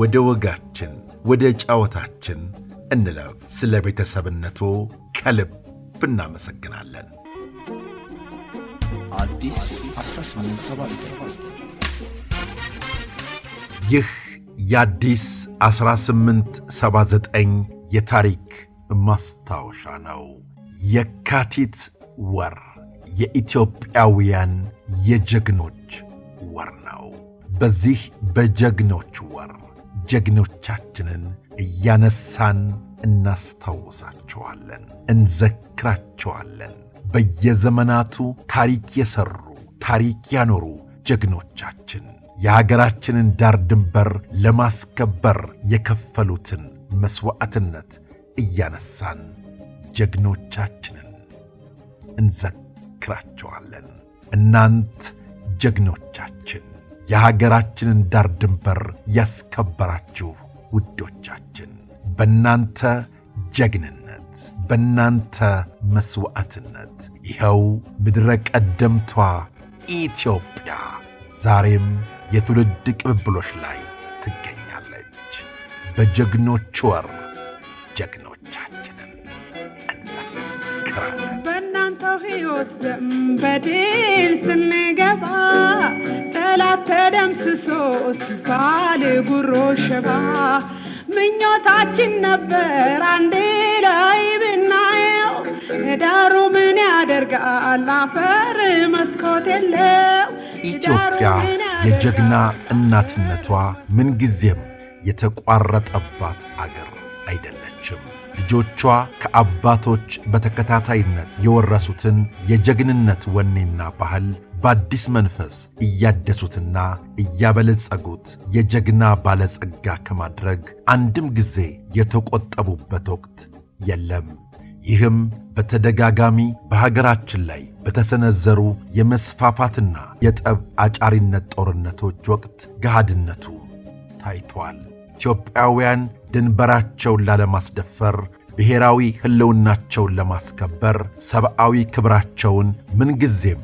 ወደ ወጋችን ወደ ጫወታችን እንለፍ። ስለ ቤተሰብነቱ ከልብ እናመሰግናለን። ይህ የአዲስ 1879 የታሪክ ማስታወሻ ነው። የካቲት ወር የኢትዮጵያውያን የጀግኖች ወር ነው። በዚህ በጀግኖች ወር ጀግኖቻችንን እያነሳን እናስታውሳቸዋለን፣ እንዘክራቸዋለን። በየዘመናቱ ታሪክ የሠሩ ታሪክ ያኖሩ ጀግኖቻችን የሀገራችንን ዳር ድንበር ለማስከበር የከፈሉትን መሥዋዕትነት እያነሳን ጀግኖቻችንን እንዘክራቸዋለን። እናንት ጀግኖቻችን የሀገራችንን ዳር ድንበር ያስከበራችሁ ውዶቻችን በእናንተ ጀግንነት በእናንተ መሥዋዕትነት ይኸው ምድረ ቀደምቷ ኢትዮጵያ ዛሬም የትውልድ ቅብብሎች ላይ ትገኛለች። በጀግኖች ወር ጀግኖቻችንን እንዘክራለን። በእናንተው ሕይወት በድል ስንገባ በጠላት ተደምስሶ ሲባል ጉሮ ሸባ ምኞታችን ነበር አንዴ ላይ ብናየው ዳሩ ምን ያደርጋል አፈር መስኮት የለው ኢትዮጵያ የጀግና እናትነቷ ምንጊዜም የተቋረጠባት አገር አይደለችም። ልጆቿ ከአባቶች በተከታታይነት የወረሱትን የጀግንነት ወኔና ባህል በአዲስ መንፈስ እያደሱትና እያበለጸጉት የጀግና ባለጸጋ ከማድረግ አንድም ጊዜ የተቆጠቡበት ወቅት የለም። ይህም በተደጋጋሚ በሀገራችን ላይ በተሰነዘሩ የመስፋፋትና የጠብ አጫሪነት ጦርነቶች ወቅት ገሃድነቱ ታይቷል። ኢትዮጵያውያን ድንበራቸውን ላለማስደፈር ብሔራዊ ሕልውናቸውን ለማስከበር ሰብአዊ ክብራቸውን ምንጊዜም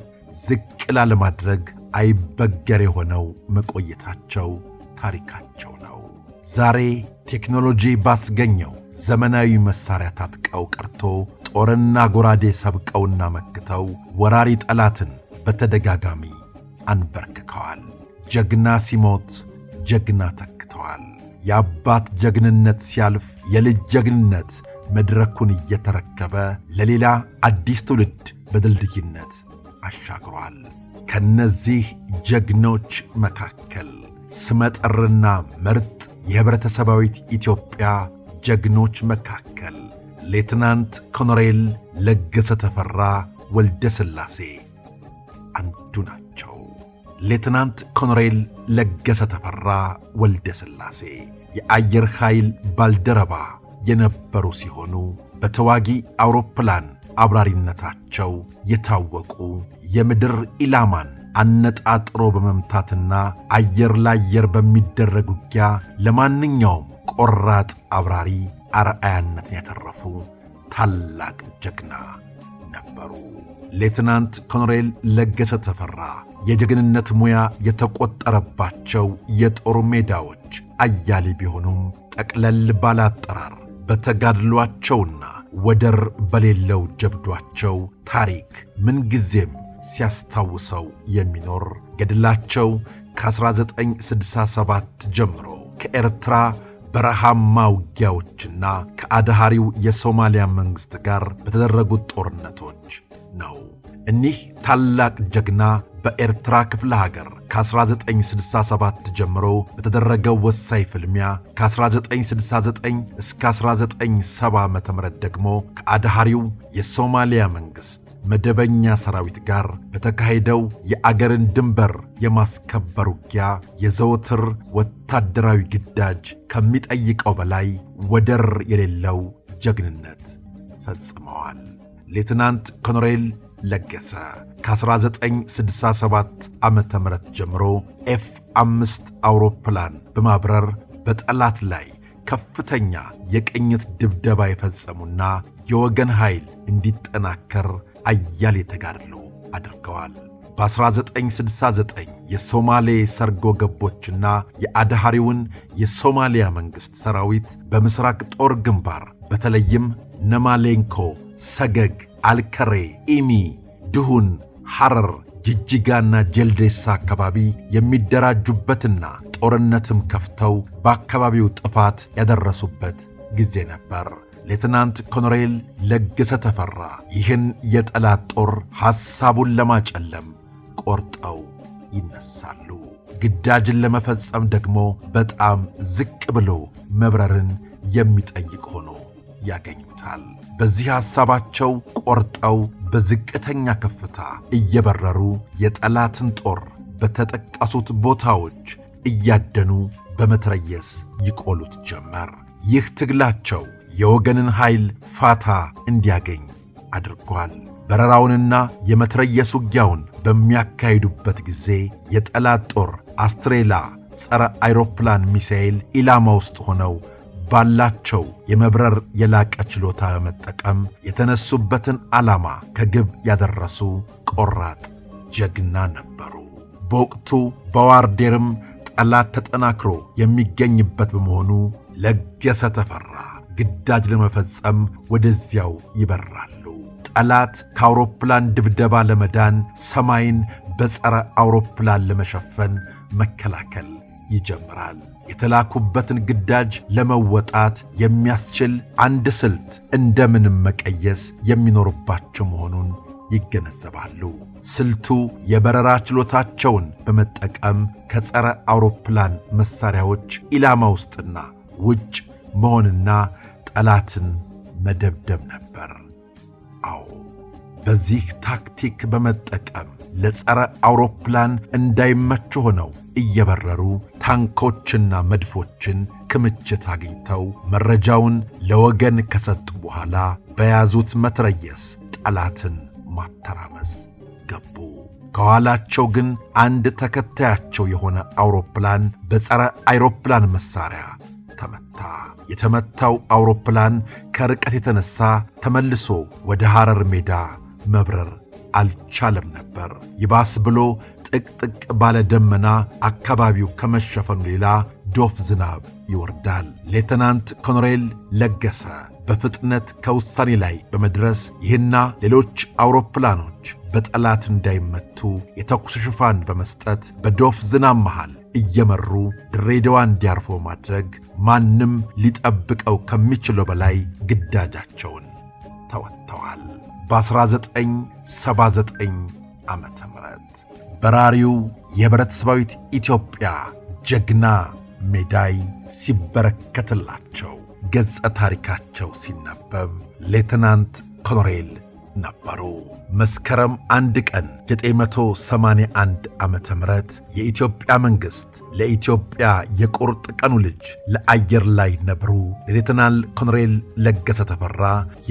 ዝቅ ላለማድረግ አይበገር የሆነው መቆየታቸው ታሪካቸው ነው። ዛሬ ቴክኖሎጂ ባስገኘው ዘመናዊ መሳሪያ ታጥቀው ቀርቶ ጦርና ጎራዴ ሰብቀውና መክተው ወራሪ ጠላትን በተደጋጋሚ አንበርክከዋል። ጀግና ሲሞት ጀግና ተክተዋል። የአባት ጀግንነት ሲያልፍ የልጅ ጀግንነት መድረኩን እየተረከበ ለሌላ አዲስ ትውልድ በድልድይነት አሻግሯል። ከነዚህ ጀግኖች መካከል ስመጥርና ምርጥ የህብረተሰባዊት ኢትዮጵያ ጀግኖች መካከል ሌትናንት ኮኖሬል ለገሰ ተፈራ ወልደ ሥላሴ አንዱ ናቸው። ሌትናንት ኮኖሬል ለገሰ ተፈራ ወልደ ሥላሴ የአየር ኃይል ባልደረባ የነበሩ ሲሆኑ በተዋጊ አውሮፕላን አብራሪነታቸው የታወቁ የምድር ኢላማን አነጣጥሮ በመምታትና አየር ለአየር በሚደረግ ውጊያ ለማንኛውም ቆራጥ አብራሪ አርአያነትን ያተረፉ ታላቅ ጀግና ነበሩ። ሌትናንት ኮሎኔል ለገሰ ተፈራ የጀግንነት ሙያ የተቆጠረባቸው የጦር ሜዳዎች አያሌ ቢሆኑም ጠቅለል ባለ አጠራር በተጋድሏቸውና ወደር በሌለው ጀብዷቸው ታሪክ ምንጊዜም ሲያስታውሰው የሚኖር ገድላቸው ከ1967 ጀምሮ ከኤርትራ በረሃማ ውጊያዎችና ከአድሃሪው የሶማሊያ መንግሥት ጋር በተደረጉት ጦርነቶች ነው። እኒህ ታላቅ ጀግና በኤርትራ ክፍለ ሀገር ከ1967 ጀምሮ በተደረገው ወሳኝ ፍልሚያ ከ1969 እስከ 1970 ዓ ም ደግሞ ከአድሃሪው የሶማሊያ መንግሥት መደበኛ ሰራዊት ጋር በተካሄደው የአገርን ድንበር የማስከበር ውጊያ የዘወትር ወታደራዊ ግዳጅ ከሚጠይቀው በላይ ወደር የሌለው ጀግንነት ፈጽመዋል። ሌትናንት ኮሎኔል ለገሰ ከ1967 ዓ ም ጀምሮ ኤፍ አምስት አውሮፕላን በማብረር በጠላት ላይ ከፍተኛ የቅኝት ድብደባ የፈጸሙና የወገን ኃይል እንዲጠናከር አያሌ ተጋድሎ አድርገዋል። በ1969 የሶማሌ ሰርጎ ገቦችና የአድሃሪውን የሶማሊያ መንግሥት ሰራዊት በምሥራቅ ጦር ግንባር በተለይም ነማሌንኮ፣ ሰገግ፣ አልከሬ፣ ኢሚ፣ ድሁን ሐረር፣ ጅጅጋና ጀልዴሳ አካባቢ የሚደራጁበትና ጦርነትም ከፍተው በአካባቢው ጥፋት ያደረሱበት ጊዜ ነበር። ሌትናንት ኮሎኔል ለገሰ ተፈራ ይህን የጠላት ጦር ሐሳቡን ለማጨለም ቆርጠው ይነሳሉ። ግዳጅን ለመፈጸም ደግሞ በጣም ዝቅ ብሎ መብረርን የሚጠይቅ ሆኖ ያገኙታል። በዚህ ሐሳባቸው ቆርጠው በዝቅተኛ ከፍታ እየበረሩ የጠላትን ጦር በተጠቀሱት ቦታዎች እያደኑ በመትረየስ ይቆሉት ጀመር። ይህ ትግላቸው የወገንን ኃይል ፋታ እንዲያገኝ አድርጓል። በረራውንና የመትረየስ ውጊያውን በሚያካሂዱበት ጊዜ የጠላት ጦር አስትሬላ ጸረ አይሮፕላን ሚሳኤል ኢላማ ውስጥ ሆነው ባላቸው የመብረር የላቀ ችሎታ በመጠቀም የተነሱበትን ዓላማ ከግብ ያደረሱ ቆራጥ ጀግና ነበሩ። በወቅቱ በዋርዴርም ጠላት ተጠናክሮ የሚገኝበት በመሆኑ ለገሰ ተፈራ ግዳጅ ለመፈጸም ወደዚያው ይበራሉ። ጠላት ከአውሮፕላን ድብደባ ለመዳን ሰማይን በጸረ አውሮፕላን ለመሸፈን መከላከል ይጀምራል። የተላኩበትን ግዳጅ ለመወጣት የሚያስችል አንድ ስልት እንደምንም መቀየስ የሚኖርባቸው መሆኑን ይገነዘባሉ። ስልቱ የበረራ ችሎታቸውን በመጠቀም ከጸረ አውሮፕላን መሣሪያዎች ኢላማ ውስጥና ውጭ መሆንና ጠላትን መደብደብ ነበር። አዎ፣ በዚህ ታክቲክ በመጠቀም ለጸረ አውሮፕላን እንዳይመች ሆነው እየበረሩ ታንኮችና መድፎችን ክምችት አግኝተው መረጃውን ለወገን ከሰጡ በኋላ በያዙት መትረየስ ጠላትን ማተራመስ ገቡ። ከኋላቸው ግን አንድ ተከታያቸው የሆነ አውሮፕላን በጸረ አውሮፕላን መሣሪያ ተመታ። የተመታው አውሮፕላን ከርቀት የተነሳ ተመልሶ ወደ ሐረር ሜዳ መብረር አልቻለም ነበር። ይባስ ብሎ ጥቅጥቅ ባለ ደመና አካባቢው ከመሸፈኑ ሌላ ዶፍ ዝናብ ይወርዳል። ሌተናንት ኮኖሬል ለገሰ በፍጥነት ከውሳኔ ላይ በመድረስ ይህና ሌሎች አውሮፕላኖች በጠላት እንዳይመቱ የተኩስ ሽፋን በመስጠት በዶፍ ዝናብ መሃል እየመሩ ድሬዳዋ እንዲያርፎ ማድረግ ማንም ሊጠብቀው ከሚችለው በላይ ግዳጃቸውን ተወጥተዋል። በ1979 ዓ ም በራሪው የኅብረት ኢትዮጵያ ጀግና ሜዳይ ሲበረከትላቸው ገጸ ታሪካቸው ሲነበብ ሌትናንት ኮሎኔል ነበሩ። መስከረም አንድ ቀን 981 ዓ ም የኢትዮጵያ መንግሥት ለኢትዮጵያ የቁርጥ ቀኑ ልጅ ለአየር ላይ ነብሩ ለሌትናል ኮሎኔል ለገሰ ተፈራ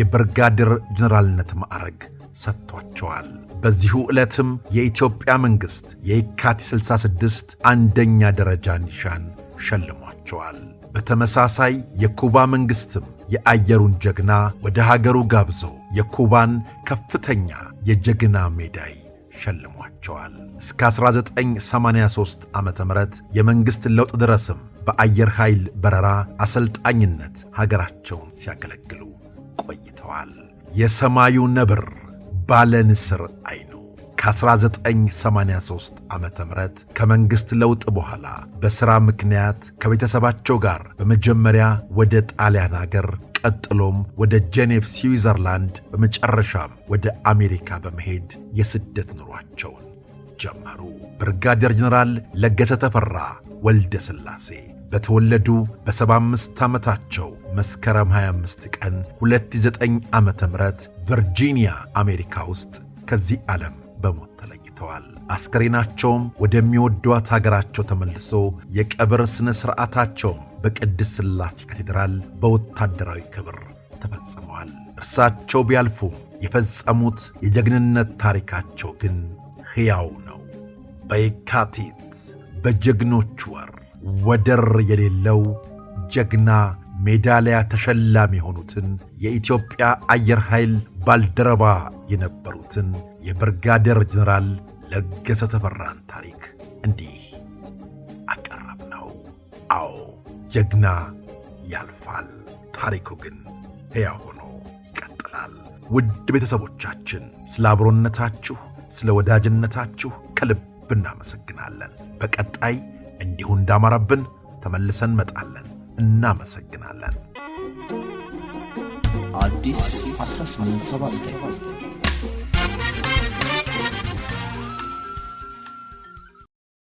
የብርጋዴር ጀኔራልነት ማዕረግ ሰጥቷቸዋል። በዚሁ ዕለትም የኢትዮጵያ መንግሥት የየካቲት 66 አንደኛ ደረጃ ኒሻን ሸልሟቸዋል። በተመሳሳይ የኩባ መንግሥትም የአየሩን ጀግና ወደ ሀገሩ ጋብዞ የኩባን ከፍተኛ የጀግና ሜዳይ ሸልሟቸዋል። እስከ 1983 ዓ ም የመንግሥት ለውጥ ድረስም በአየር ኃይል በረራ አሰልጣኝነት ሀገራቸውን ሲያገለግሉ ቆይተዋል። የሰማዩ ነብር አይ ነው ከ1983 ዓ ም ከመንግሥት ለውጥ በኋላ በሥራ ምክንያት ከቤተሰባቸው ጋር በመጀመሪያ ወደ ጣሊያን አገር ቀጥሎም ወደ ጄኔቭ ስዊዘርላንድ፣ በመጨረሻም ወደ አሜሪካ በመሄድ የስደት ኑሯቸውን ጀመሩ። ብርጋዴር ጀኔራል ለገሰ ተፈራ ወልደ ሥላሴ በተወለዱ በ75 ዓመታቸው መስከረም 25 ቀን 29 ዓ ም ቨርጂኒያ አሜሪካ ውስጥ ከዚህ ዓለም በሞት ተለይተዋል። አስከሬናቸውም ወደሚወዷት ሀገራቸው ተመልሶ የቀብር ሥነ ሥርዓታቸውም በቅድስት ሥላሴ ካቴድራል በወታደራዊ ክብር ተፈጽመዋል። እርሳቸው ቢያልፉም የፈጸሙት የጀግንነት ታሪካቸው ግን ሕያው ነው። በየካቲት በጀግኖች ወር ወደር የሌለው ጀግና ሜዳሊያ ተሸላሚ የሆኑትን የኢትዮጵያ አየር ኃይል ባልደረባ የነበሩትን የብርጋዴር ጀነራል ለገሰ ተፈራን ታሪክ እንዲህ አቀረብ ነው። አዎ ጀግና ያልፋል፣ ታሪኩ ግን ሕያው ሆኖ ይቀጥላል። ውድ ቤተሰቦቻችን ስለ አብሮነታችሁ፣ ስለ ወዳጅነታችሁ ከልብ እናመሰግናለን። በቀጣይ እንዲሁ እንዳማረብን ተመልሰን መጣለን። እናመሰግናለን። አዲስ 1879